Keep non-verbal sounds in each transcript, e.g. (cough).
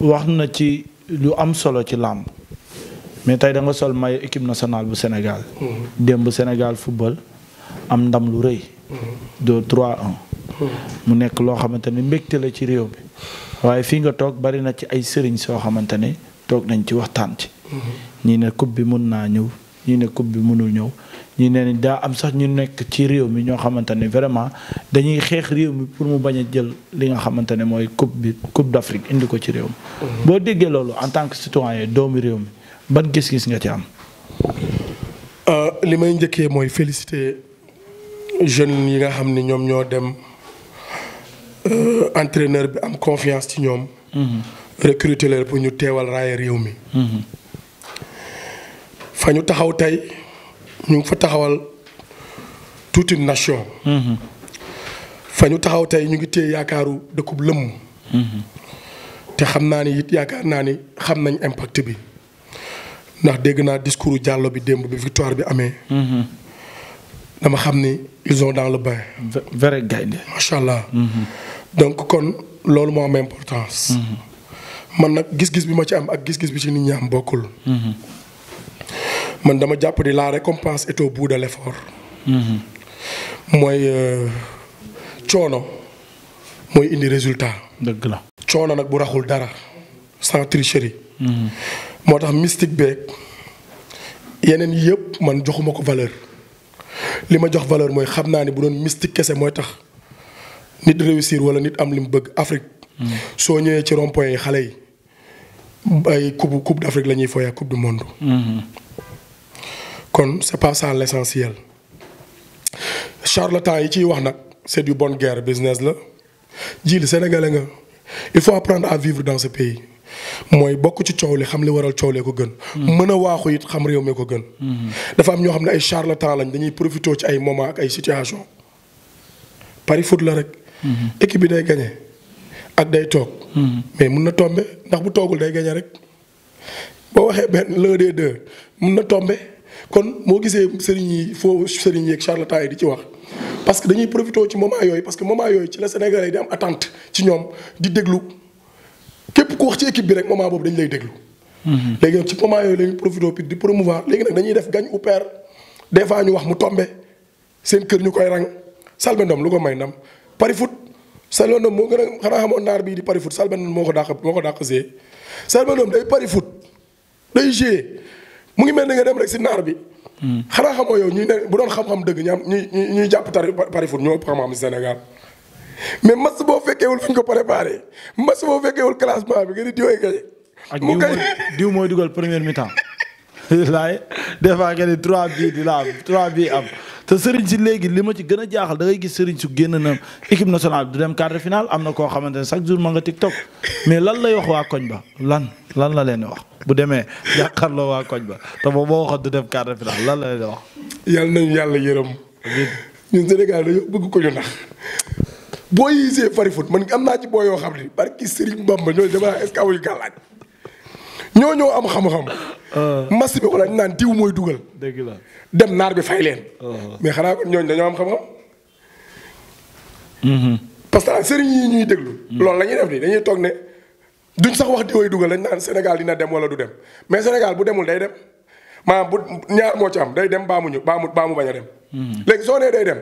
wax na ci lu am solo ci làmb mais tey da sol may équipe nationale bu Sénégal. Mm-hmm. démb Sénégal football am ndam lu rëy. 2 3 1. mu nekk loo xamante ne mbégte la ci réew bi waaye fii nga toog bari na ci ay sëriñ soo xamante ne toog nañ ci waxtaan ci. Mm-hmm. ñii ne coupe bi mën naa ñëw ñii ne coupe bi mënul ñëw ñu ne daa am sax ñu nekk ci réew mi ñoo xamante ne vraiment dañuy xeex réew mi pour mu bañ a jël li nga xamante ne mooy coupe bi coupe d'Afrique indi ko ci réew mi. Mm-hmm. boo déggee loolu en tant que citoyen doomu réew mi ban gis-gis nga ci am. Euh, li may njëkkee mooy féliciter jeunes yi nga xam ni ñoom ñoo dem euh, entreneur bi am confiance ci ñoom. Mm-hmm. recruter pour ñu teewal raaya réew mi. Mm-hmm. fa ñu taxaw tey. ñu ngi fa taxawal toute nation. Mm-hmm. fa ñu taxaw tey ñu ngi téye yaakaaru dëkkub lëmm. Mm-hmm. te xam naa ni it yaakaar naa ni xam nañ impact bi ndax dégg naa discours jàllo bi démb bi victoire bi amee. Mm-hmm. dama xam ni ils sont dans le bain. macha allah. donc kon loolu moo am importance. man nag gis-gis bi ma ci am ak gis-gis bi ci nit ñi bokkul. man dama jàpp di la récompense est au bout mooy euh, coono mooy indi résultat. dëgg la coono nag bu raxul dara sans mm-hmm. moo tax mystique beeg yeneen yëpp man joxuma ko valeur li ma jox valeur mooy xam naa ne bu doon mystique kese mooy tax nit réussir wala nit am li mu bëgg Afrique. Mm-hmm. soo ñëwee ci rond yi xale yi ay coupe coupe d'Afrique la ñuy fooy ak coupe du monde. Mm-hmm. kon c'est pas ça l'essentiel charlatan yi ciy wax nag c'est du bonne guerre business la jiil sénégalais nga il faut apprendre à vivre dans ce pays mooy bokk ci coow li xam li waral coow lee ko gën. Hmm. mën a waaxu it xam réew mi ko gën. Hmm. dafa am ñoo xam ne ay charlatan lañ dañuy profité ci ay moment ak ay situation pari foot la rek. Hmm. équipe bi day gagné ak day toog. mais mun na tombe ndax bu toogul day gagné rek boo waxee benn l'un des deux mun na tombe kon moo gisee sëriñ yi foo sëriñ yeeg charlatan yi di ci wax parce que dañuy profité ci moment yooyu parce que moment yooyu ci la Sénégalais di am attente ci ñoom di déglu képp ku wax ci équipe bi rek moment boobu dañu lay déglu. Mhm. léegi nag ci moment yooyu la ñuy profité di promouvoir léegi nag dañuy def gañ ou perte des fois ñu wax mu tombe seen kër ñu koy rang Selbé Ndom lu ko may ndam Paris foot Selbé Ndom moo gën a xanaa xamoon naar bii di Paris foot sal Ndom moo ko dàq moo ko dàq see Selbé Ndom day Paris foot mu ngi mel ni nga dem rek si naar bi. xanaa xamoo yow ñuy ne bu doon xam-xam dëgg ñaam ñuy ñuy jàpp tari pari foot ñoo ëpp xam-xam Sénégal. mais match boo fekkeewul fi ñu ko préparé match boo fekkeewul classement bi nga di diwee gañe. diw mooy dugal première mi-temps. (laughs) laay des fois nga ni trois bii di la am trois bii am te Serigne si léegi li ma ci gën a jaaxal da ngay gis Serigne su génn na équipe nationale du dem quart finale am na koo xamante ne chaque jour ma nga TikTok mais lan lay wax waa koñ ba lan. lan la leen wax bu demee jàkkaarloo waa koñ ba te moom moo waxoon du def quart da finale lan la leen wax. yàlla nañu yàlla yërëm. ñu ñun Sénégal dañoo bëgg ko ñu ndax. boo yisee fari foot man am naa ci boo yoo xam ne barki Serigne Bamba ñooñu dama naan est-ce que ñoo ñoo am xam-xam. Ah. mas naan diw mooy dugal. dëgg la dem naar bi fay leen. Ah. mais xanaa kon ñooñu dañoo am xam-xam. Mm-hmm. parce que yi ñuy déglu. Mm. loolu la def nii dañuy toog ne. duñ sax wax di way dugal dañ naan Sénégal dina dem wala du dem mais Sénégal bu demul day dem maa bu ñaar moo ci am day dem baa mu ñu baa mu baa mu bañ a dem. Hmm. léegi soo nee day dem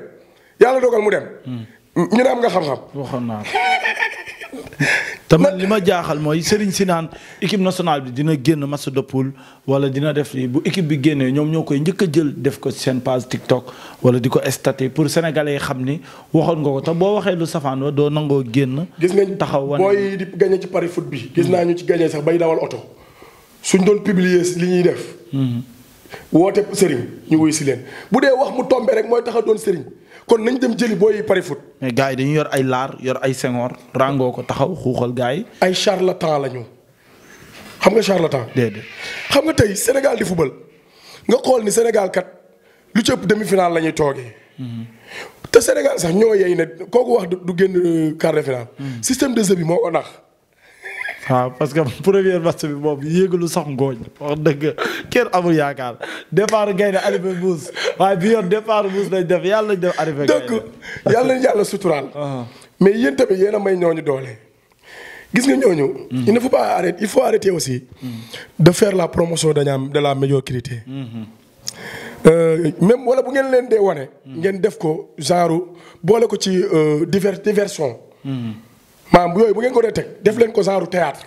yàlla dogal mu dem. Hmm. ñu ne am nga xam-xam. waxoon naa (laughs) te man li ma jaaxal mooy Serigne si naan équipe nationale bi dina génn match de poule wala dina def bu équipe bi génnee ñoom ñoo koy njëkk a jël def ko seen page TikTok wala di ko staté pour sénégalais yi xam ni waxoon nga ko te boo waxee lu safaan wa doo nangoo génn. gis nga taxaw wane booy yi di gagné ci pari foot bi. gis naa ñu ci gagné sax bay dawal oto suñ doon publier li ñuy def. Mhm. woote sëriñ ñu wuy si leen bu dee wax mu tombé rek mooy tax a mais gars yi dañu yor ay laar yor ay sengoor ràngoo ko taxaw xuuxal gars yi. ay charlatan la ñu xam nga charlatan. déedéet xam nga tey Sénégal di football nga xool ni Sénégal kat lu ci ëpp demi-finale la ñuy toogee. Mm-hmm. te Sénégal sax ñoo yey ne kooku wax du génn quart de finale. Mm-hmm. système de jeu moo ko nax waaw parce que premier match bi moom yéegalu sax ngooñ wax dëgg kenn amul yaakaar départ gaynde arrivé mbuus waaye bi yoon départ mbuus lañ def yàlla lañ def arrivé gaynde donc yàlla nañ yàlla suturaal ah. mais yéen yéen a may ñooñu doole gis nga ñooñu mm-hmm. il ne faut pas arrêter il faut arrêter aussi mm-hmm. de faire la promotion dañaa de la médiocrité mm-hmm. euh, même wala bu ngeen leen dee wane ngeen def ko genre boole ko ci euh, diver diversion maanaam yooyu bu ngeen ko dee teg def leen ko saaru théâtre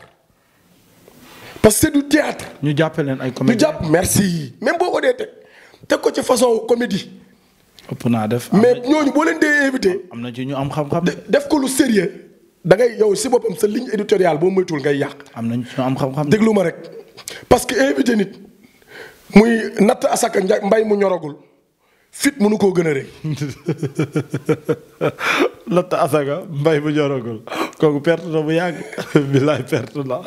parce que c'est théâtre. ñu jàppee leen ay comédie ñu jàpp merci même boo ko dee teg teg ko ci façon comédie. ëpp naa def mais ñooñu boo leen dee invité. am na ci ñu am xam-xam def ko lu sérieux da ngay yow si boppam sa ligne éditoriale boo moytuwul ngay yàq. am na ñu am xam-xam déglu ma rek parce que invité nit muy natt asaka mbay mu ñoragul. fit mënu koo gën a rek Latta (laughs) Asaka mbay bu jorogul kooku perte na bu yàgg. (laughs) billaay perte na.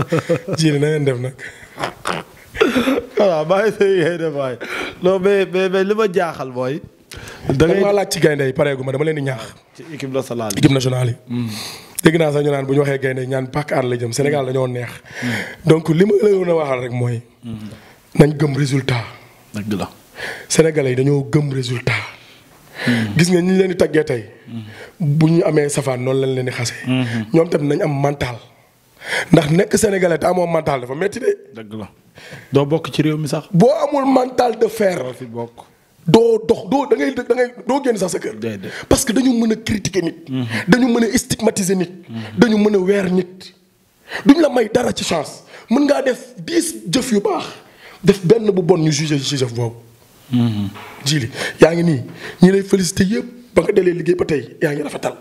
(laughs) jii na ngeen def nag. voilà maa ngi sëñ ngay def waay non mais mais li ma jaaxal mooy. da ngay dama laaj ci gaynde yi pareegu ma dama leen di ñaax. ci équipe nationale yi équipe nationale yi. Hmm. dégg naa sax bu ñu waxee gaynde ñaan pàcc àll la jëm Sénégal dañoo neex. Hmm. donc li ma la waxal rek mooy. Hmm. nañ gëm résultat. dëgg la Sénégalais yi dañoo gëm résultat. gis nga ñi leen di taggee tey bu ñu amee safaan noonu lañ leen di xase mhm. ñoom tamit nañ am mental ndax nekk sénégalais te amoo mental dafa metti de. dëgg la doo bokk ci réew mi sax. boo amul mental de fer. fi bokk. doo dox doo da ngay da ngay doo génn sa kër. parce que dañu mën a critiquer nit. Mhm. dañu mën a stigmatiser nit. Mhm. dañu mën a weer nit. duñ la may dara ci chance mën ngaa def dix jëf yu baax def benn bu bon ñu jugé ci boobu. jili yaa ngi nii ñi lay félicité yëpp ba nga delee liggéey ba tey yaa ngi rafetal.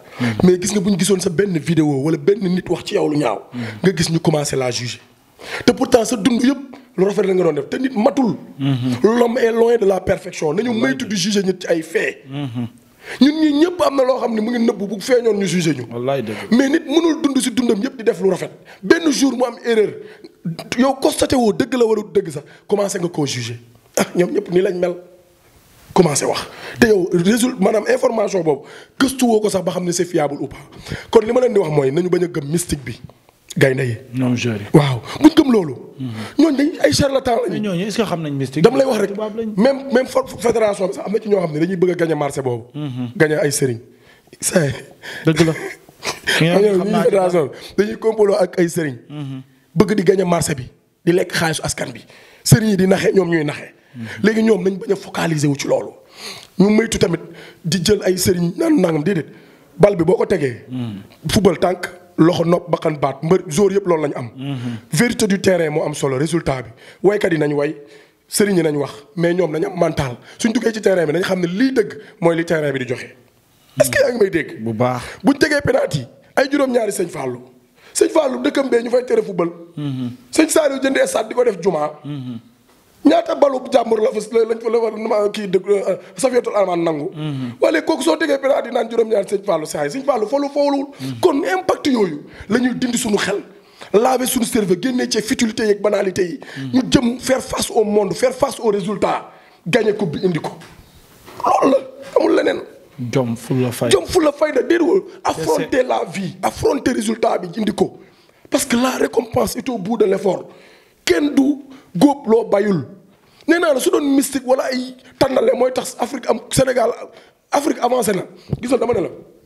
mais gis nga bu ñu gisoon sa benn vidéo wala benn nit wax ci yow lu ñaaw. nga gis ñu commencé la juger. te pourtant sa dund yëpp lu rafet la nga doon def te nit matul. l'homme est loin de la perfection nañu may di juger nit ci ay fait. ñun ñii ñëpp am na loo xam ne mu ngi nëbb bu feeñoon ñu juger ñu. wallaay dëgg mais nit mënul dund si dundam yëpp di def lu rafet benn jour mu am erreur yow constaté woo dëgg la wala dëgg sax commencé nga koo ah (coughs) ñoom ñëpp nii lañ mel commencé wax te yow résultat maanaam information boobu gëstuwoo ko sax ba xam ne c'est fiable ou pas kon li ma leen di wax mooy nañu bañ a gëm mystique bi. gaynde yi non jori waaw buñ gëm loolu. Mm-hmm. ñooñu dañ ay charlatan lañu. ñooñu est-ce xam nañ mystique. dama lay wax rek même même fédération bi sax am na ci ñoo xam ne dañuy bëgg a gagné marché boobu. Mm-hmm. gagné ay sëriñ. say la. (laughs) xam naa fédération ak ay sëriñ. Mm-hmm. bëgg di gagné marché bi di lekk xaalisu askan bi sëriñ yi di naxe ñoom ñuy naxe. léegi ñoom nañ bañ a focaliser wu ci loolu ñu moytu tamit di jël ay sëriñ naan nangam déedéet bal bi boo ko tegee. Mm. football tànk loxo nopp bakkan baat mbër jour yëpp loolu lañ am. Mm-hmm. vérité du terrain moo am solo résultat bi waykat yi nañu way sëriñ yi nañ wax mais ñoom nañ am mental suñ duggee ci terrain bi nañ xam ne lii dëgg mooy li terrain bi di joxe. est que yaa ngi may dégg. bu baax buñ tegee penalty yi ay juróom-ñaari sëñ Fallou sëñ Fallou dëkkam bee ñu fay tere football. Mm-hmm. sëñ Saliou jëndee stade di ko def jumaa mm-hmm. ñaata balu jàmbur la fa lañ fa la war kii dëgg euh, safiyatul almaan nangu. Mhm. wala kooku soo déggee piraat yi naan juróom-ñaar sëñ Fallou saa yi sëñ Fallou folu fowlul. Mhm. kon impact yooyu la dindi suñu xel. laabe suñu cerveau génnee ci futilité yeeg banalité yi. Mhm. ñu jëm faire face au monde faire face au résultat gagné coupe indi ko la amul leneen. jom fulla fayda jom fulla fayda déedéet affronter la vie affronter résultat bi indi ko parce que la récompense est au de l'effort kenn du. góob loo bayul nee naa la su doon mystique wala ay tànnale mooy tax Afrique am Sénégal Afrique avancé na gisal dama ne la.